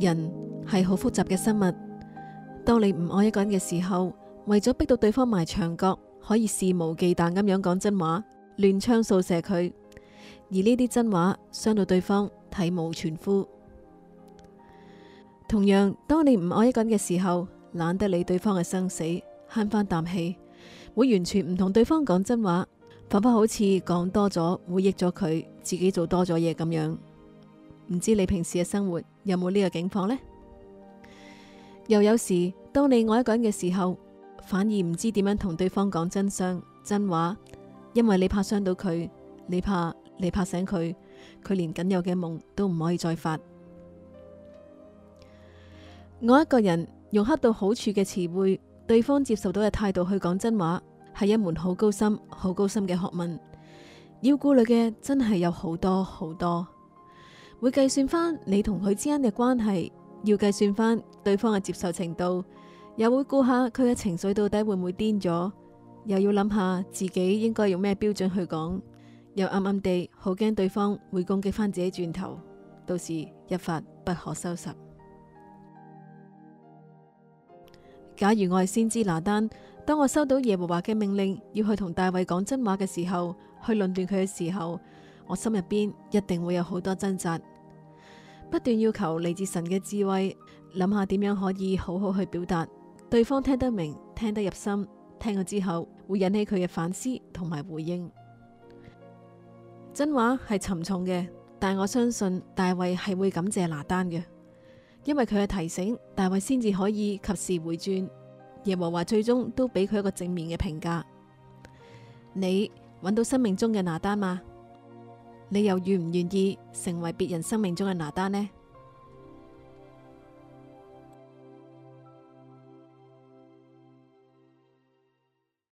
人係好複雜嘅生物。當你唔愛一個人嘅時候，為咗逼到對方埋牆角，可以肆無忌憚咁樣講真話，亂槍掃射佢；而呢啲真話傷到對方體無完膚。同樣，當你唔愛一個人嘅時候，懶得理對方嘅生死，慳翻啖氣，會完全唔同對方講真話。彷彿好似講多咗回憶咗佢，自己做多咗嘢咁樣，唔知你平時嘅生活有冇呢個境況呢？又有時當你愛一個人嘅時候，反而唔知點樣同對方講真相、真話，因為你怕傷到佢，你怕你怕醒佢，佢連僅有嘅夢都唔可以再發。愛一個人，用恰到好處嘅詞彙，對方接受到嘅態度去講真話，係一門好高深、好高深嘅學問，要顧慮嘅真係有好多好多，會計算翻你同佢之間嘅關係，要計算翻對方嘅接受程度，又會估下佢嘅情緒到底會唔會癲咗，又要諗下自己應該用咩標準去講，又暗暗地好驚對方會攻擊翻自己轉頭，到時一發不可收拾。假如我係先知拿單。當我收到耶和華嘅命令，要去同大衛講真話嘅時候，去論斷佢嘅時候，我心入邊一定會有好多掙扎，不斷要求嚟自神嘅智慧，諗下點樣可以好好去表達，對方聽得明、聽得入心，聽咗之後會引起佢嘅反思同埋回應。真話係沉重嘅，但我相信大衛係會感謝拿單嘅，因為佢嘅提醒，大衛先至可以及時回轉。耶和華最終都俾佢一個正面嘅評價。你揾到生命中嘅拿單嗎？你又願唔願意成為別人生命中嘅拿單呢？